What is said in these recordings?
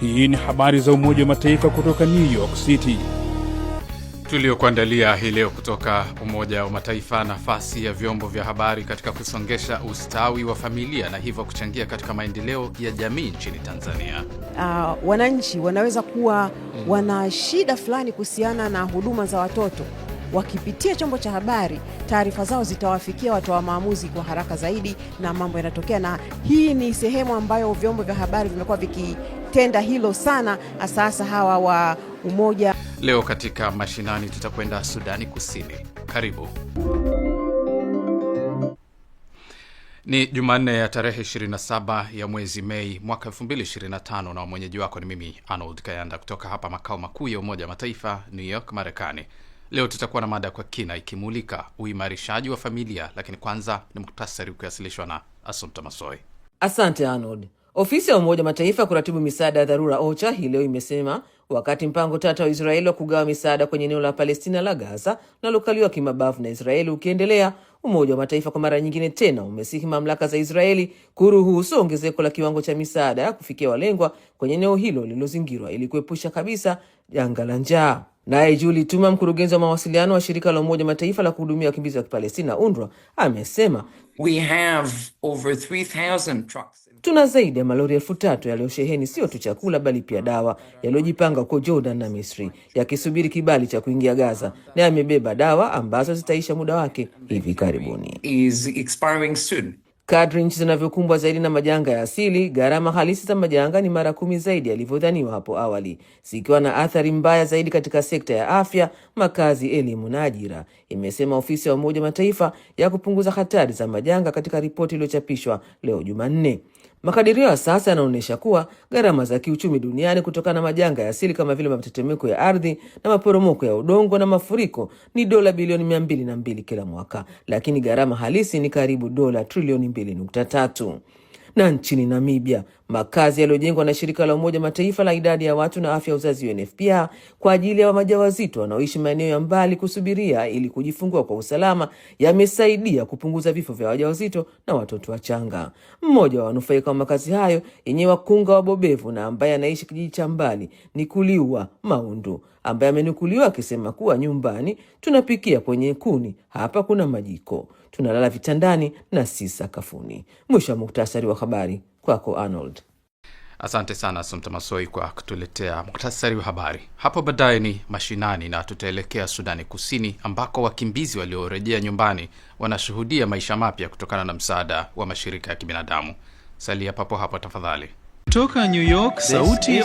Hii ni habari za Umoja wa Mataifa kutoka New York City tuliokuandalia hii leo kutoka Umoja wa Mataifa: nafasi ya vyombo vya habari katika kusongesha ustawi wa familia na hivyo kuchangia katika maendeleo ya jamii nchini Tanzania. Uh, wananchi wanaweza kuwa mm, wana shida fulani kuhusiana na huduma za watoto wakipitia chombo cha habari, taarifa zao zitawafikia watoa wa maamuzi kwa haraka zaidi, na mambo yanatokea. Na hii ni sehemu ambayo vyombo vya habari vimekuwa viki wanapenda hilo sana, asasa hawa wa umoja. Leo katika mashinani tutakwenda Sudani Kusini. Karibu. Ni Jumanne ya tarehe 27 ya mwezi Mei mwaka 225 na mwenyeji wako ni mimi Arnold Kayanda kutoka hapa makao makuu ya Umoja wa Mataifa, New York, Marekani. Leo tutakuwa na mada kwa kina ikimulika uimarishaji wa familia, lakini kwanza ni muktasari ukiwasilishwa na Asumta Masoi. Asante Arnold. Ofisi ya Umoja Mataifa kuratibu misaada ya dharura OCHA hii leo imesema wakati mpango tata wa Israeli wa kugawa misaada kwenye eneo la Palestina la Gaza linalokaliwa kimabavu na Israeli ukiendelea, Umoja wa Mataifa kwa mara nyingine tena umesihi mamlaka za Israeli kuruhusu ongezeko la kiwango cha misaada ya kufikia walengwa kwenye eneo hilo lililozingirwa ili kuepusha kabisa janga la njaa. Naye Juli Tuma, mkurugenzi wa mawasiliano wa shirika la Umoja Mataifa la kuhudumia wakimbizi wa Kipalestina undra amesema We have over trucks Tuna zaidi ya malori elfu tatu yaliyosheheni sio tu chakula bali pia dawa yaliyojipanga huko Jordan na Misri yakisubiri kibali cha kuingia Gaza na yamebeba dawa ambazo zitaisha muda wake hivi karibuni. Kadri nchi zinavyokumbwa zaidi na majanga ya asili, gharama halisi za majanga ni mara kumi zaidi yalivyodhaniwa hapo awali, zikiwa na athari mbaya zaidi katika sekta ya afya, makazi, elimu na ajira, imesema ofisi ya Umoja Mataifa ya kupunguza hatari za majanga katika ripoti iliyochapishwa leo Jumanne. Makadirio ya sasa yanaonyesha kuwa gharama za kiuchumi duniani kutokana na majanga ya asili kama vile matetemeko ya ardhi na maporomoko ya udongo na mafuriko ni dola bilioni mia mbili na mbili kila mwaka, lakini gharama halisi ni karibu dola trilioni mbili nukta tatu na nchini Namibia. Makazi yaliyojengwa na shirika la Umoja Mataifa la idadi ya watu na afya ya uzazi UNFPA kwa ajili ya wajawazito wanaoishi maeneo ya mbali kusubiria ili kujifungua kwa usalama yamesaidia kupunguza vifo vya wajawazito na watoto wachanga. Mmoja wa wanufaika wa makazi hayo yenye wakunga wabobevu na ambaye anaishi kijiji cha mbali ni Kuliwa Maundu, ambaye amenukuliwa akisema kuwa nyumbani tunapikia kwenye kuni, hapa kuna majiko tunalala vitandani na si sakafuni. Mwisho wa muktasari wa habari. Kwako Arnold. Asante sana Sumta Masoi kwa kutuletea muktasari wa habari. Hapo baadaye ni mashinani na tutaelekea Sudani Kusini, ambako wakimbizi waliorejea nyumbani wanashuhudia maisha mapya kutokana na msaada wa mashirika ya kibinadamu. Salia papo hapo tafadhali. Kutoka New York, sauti ya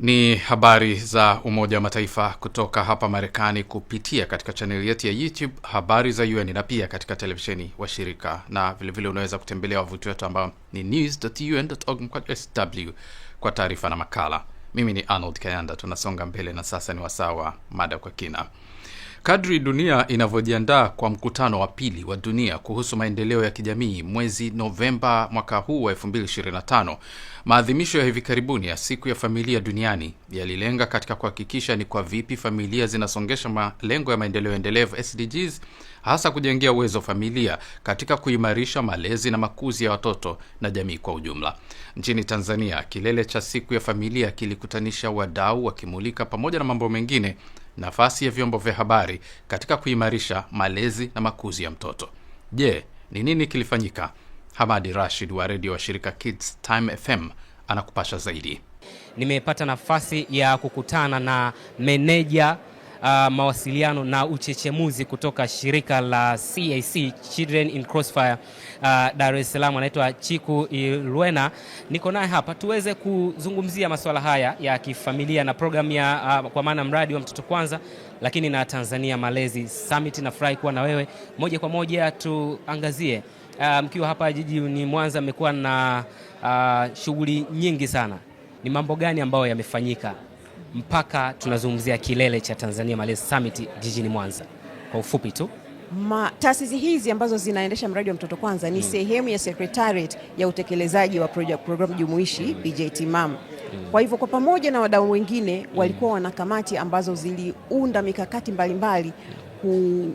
Ni habari za Umoja wa Mataifa kutoka hapa Marekani kupitia katika chaneli yetu ya YouTube habari za UN na pia katika televisheni wa shirika, na vilevile unaweza kutembelea wavuti wetu ambao ni news.un.org/sw kwa taarifa na makala. Mimi ni Arnold Kayanda, tunasonga mbele na sasa ni wasaa wa mada kwa kina. Kadri dunia inavyojiandaa kwa mkutano wa pili wa dunia kuhusu maendeleo ya kijamii mwezi Novemba mwaka huu wa 2025, maadhimisho ya hivi karibuni ya siku ya familia duniani yalilenga katika kuhakikisha ni kwa vipi familia zinasongesha malengo ya maendeleo endelevu SDGs, hasa kujengea uwezo wa familia katika kuimarisha malezi na makuzi ya watoto na jamii kwa ujumla. Nchini Tanzania, kilele cha siku ya familia kilikutanisha wadau wakimulika pamoja na mambo mengine nafasi ya vyombo vya habari katika kuimarisha malezi na makuzi ya mtoto. Je, ni nini kilifanyika? Hamadi Rashid wa redio wa shirika Kids Time FM anakupasha zaidi. Nimepata nafasi ya kukutana na meneja uh, mawasiliano na uchechemuzi kutoka shirika la CAC Children in Crossfire uh, Dar es Salaam, anaitwa Chiku Ilwena. Niko naye hapa tuweze kuzungumzia masuala haya ya kifamilia na programu ya uh, kwa maana mradi wa mtoto kwanza, lakini na Tanzania Malezi Summit. Nafurahi kuwa na wewe moja kwa moja, tuangazie uh, mkiwa um, hapa jijini Mwanza mmekuwa na uh, shughuli nyingi sana. Ni mambo gani ambayo yamefanyika mpaka tunazungumzia kilele cha Tanzania Malezi Summit jijini Mwanza. Kwa ufupi tu taasisi hizi ambazo zinaendesha mradi wa mtoto kwanza ni mm. sehemu ya secretariat ya utekelezaji wa project program jumuishi mm. BJT MAM. Mm. Kwa hivyo kwa pamoja na wadau wengine mm. walikuwa wana kamati ambazo ziliunda mikakati mbalimbali mbali mm.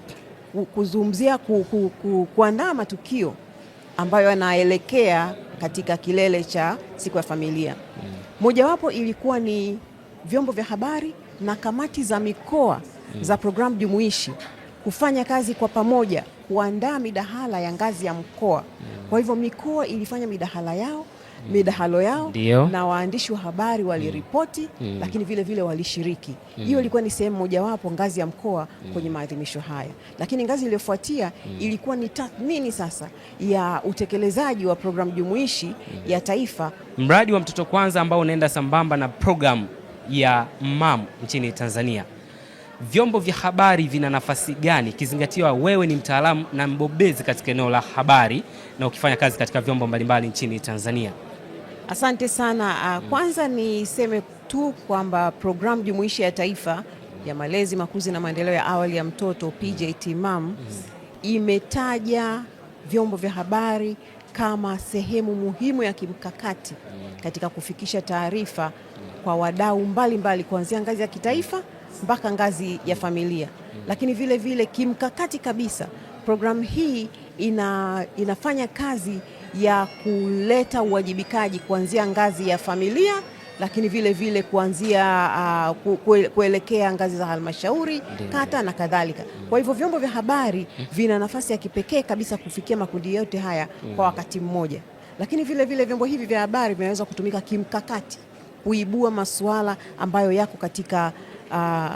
ku, ku, ku, ku, kuandaa matukio ambayo yanaelekea katika kilele cha siku ya familia. Mm. Mojawapo ilikuwa ni vyombo vya habari na kamati za mikoa mm. za programu jumuishi kufanya kazi kwa pamoja kuandaa midahala ya ngazi ya mkoa mm. kwa hivyo mikoa ilifanya midahala yao midahalo yao mm. Dio. na waandishi wa habari waliripoti mm. mm. lakini vile vile walishiriki. Mm. Hiyo mm. ilikuwa ni sehemu mojawapo ngazi ya mkoa mm. kwenye maadhimisho haya, lakini ngazi iliyofuatia mm. ilikuwa ni tathmini sasa ya utekelezaji wa programu jumuishi mm. ya taifa, mradi wa mtoto kwanza, ambao unaenda sambamba na programu ya MAM nchini Tanzania, vyombo vya habari vina nafasi gani, ikizingatiwa wewe ni mtaalamu na mbobezi katika eneo la habari na ukifanya kazi katika vyombo mbalimbali nchini Tanzania? Asante sana. Ah, mm. Kwanza niseme tu kwamba programu jumuishi ya taifa ya malezi, makuzi na maendeleo ya awali ya mtoto mm. PJT MAM mm. imetaja vyombo vya habari kama sehemu muhimu ya kimkakati katika kufikisha taarifa kwa wadau mbalimbali kuanzia ngazi ya kitaifa mpaka ngazi ya familia, lakini vile vile kimkakati kabisa programu hii ina, inafanya kazi ya kuleta uwajibikaji kuanzia ngazi ya familia lakini vile vile kuanzia uh, kuelekea ngazi za halmashauri, kata na kadhalika. Mm. Kwa hivyo vyombo vya habari mm. vina nafasi ya kipekee kabisa kufikia makundi yote haya kwa mm. wakati mmoja, lakini vile vile vyombo hivi vya habari vinaweza kutumika kimkakati kuibua masuala ambayo yako katika uh,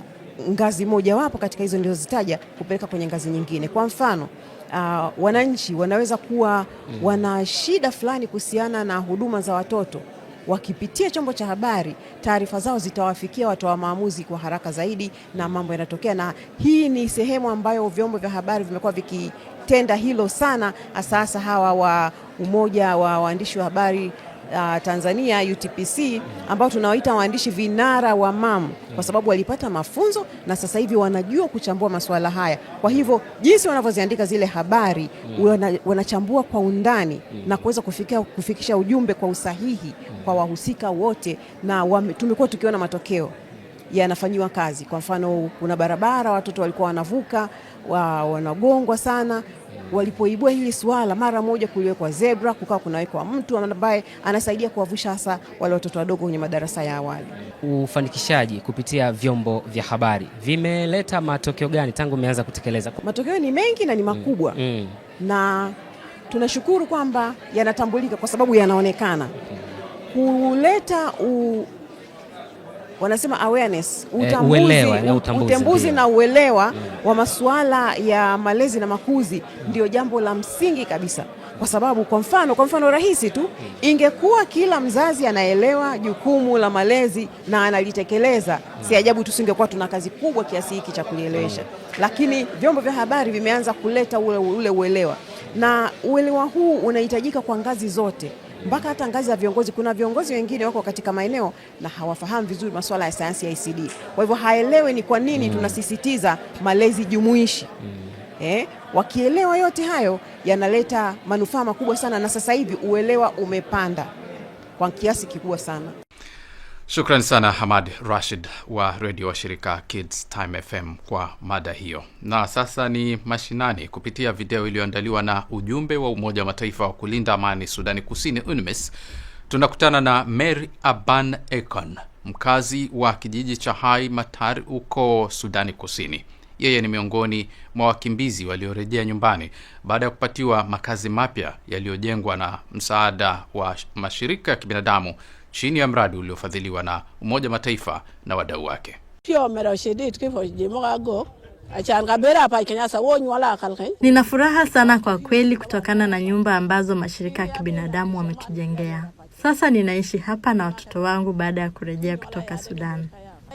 ngazi mojawapo katika hizo nilizozitaja kupeleka kwenye ngazi nyingine. Kwa mfano uh, wananchi wanaweza kuwa mm. wana shida fulani kuhusiana na huduma za watoto wakipitia chombo cha habari, taarifa zao zitawafikia watoa wa maamuzi kwa haraka zaidi, na mambo yanatokea. Na hii ni sehemu ambayo vyombo vya habari vimekuwa vikitenda hilo sana, hasa hawa wa umoja wa waandishi wa habari uh, Tanzania UTPC ambao tunawaita waandishi vinara wa MAM kwa sababu walipata mafunzo na sasa hivi wanajua kuchambua masuala haya. Kwa hivyo jinsi wanavyoziandika zile habari wana, wanachambua kwa undani na kuweza kufikia kufikisha ujumbe kwa usahihi kwa wahusika wote, na tumekuwa tukiona matokeo yanafanyiwa kazi. Kwa mfano, kuna barabara watoto walikuwa wanavuka wa, wanagongwa sana, Walipoibua hili swala, mara moja kuliwekwa zebra, kukawa kunawekwa mtu ambaye anasaidia kuwavusha hasa wale watoto wadogo kwenye madarasa ya awali. Ufanikishaji kupitia vyombo vya habari vimeleta matokeo gani tangu umeanza kutekeleza? Matokeo ni mengi na ni mm, makubwa mm. Mm. na tunashukuru kwamba yanatambulika kwa sababu yanaonekana mm. kuleta u wanasema awareness, eh, utambuzi, uelewa, na utambuzi, utambuzi na uelewa yeah, wa masuala ya malezi na makuzi ndio jambo la msingi kabisa, kwa sababu kwa mfano, kwa mfano rahisi tu, ingekuwa kila mzazi anaelewa jukumu la malezi na analitekeleza, si ajabu tusingekuwa tuna kazi kubwa kiasi hiki cha kulielewesha, lakini vyombo vya habari vimeanza kuleta ule, ule uelewa na uelewa huu unahitajika kwa ngazi zote mpaka hata ngazi ya viongozi. Kuna viongozi wengine wako katika maeneo na hawafahamu vizuri masuala ya sayansi ya ICD, kwa hivyo haelewi ni kwa nini mm. tunasisitiza malezi jumuishi mm. Eh, wakielewa yote hayo yanaleta manufaa makubwa sana, na sasa hivi uelewa umepanda kwa kiasi kikubwa sana. Shukran sana Hamad Rashid wa redio wa shirika Kids Time FM kwa mada hiyo. Na sasa ni mashinani, kupitia video iliyoandaliwa na ujumbe wa Umoja wa Mataifa wa kulinda amani Sudani Kusini, UNMISS. Tunakutana na Mary Aban econ mkazi wa kijiji cha Hai Matar huko Sudani Kusini. Yeye ni miongoni mwa wakimbizi waliorejea nyumbani baada ya kupatiwa makazi mapya yaliyojengwa na msaada wa mashirika ya kibinadamu chini ya mradi uliofadhiliwa na Umoja Mataifa na wadau wake. Nina furaha sana kwa kweli kutokana na nyumba ambazo mashirika ya kibinadamu wametujengea. Sasa ninaishi hapa na watoto wangu baada ya kurejea kutoka Sudan.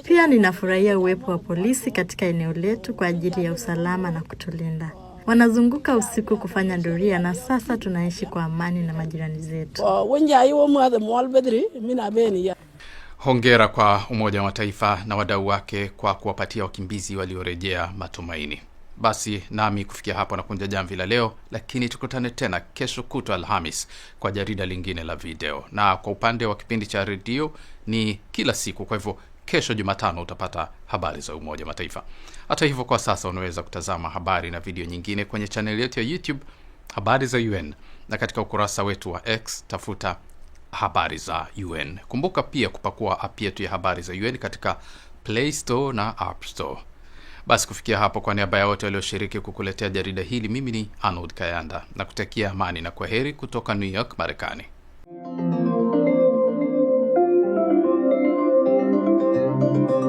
Pia ninafurahia uwepo wa polisi katika eneo letu kwa ajili ya usalama na kutulinda wanazunguka usiku kufanya doria, na sasa tunaishi kwa amani na majirani zetu. Hongera kwa Umoja wa Mataifa na wadau wake kwa kuwapatia wakimbizi waliorejea matumaini. Basi nami kufikia hapo na kunja jamvi la leo, lakini tukutane tena kesho kutwa Alhamis kwa jarida lingine la video, na kwa upande wa kipindi cha redio ni kila siku, kwa hivyo Kesho Jumatano utapata habari za Umoja Mataifa. Hata hivyo, kwa sasa unaweza kutazama habari na video nyingine kwenye chaneli yetu ya YouTube habari za UN na katika ukurasa wetu wa X tafuta habari za UN. Kumbuka pia kupakua app yetu ya habari za UN katika Play Store na App Store. Basi kufikia hapo, kwa niaba ya wote walioshiriki kukuletea jarida hili, mimi ni Arnold Kayanda na kutakia amani na kwaheri kutoka New York, Marekani.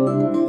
thank you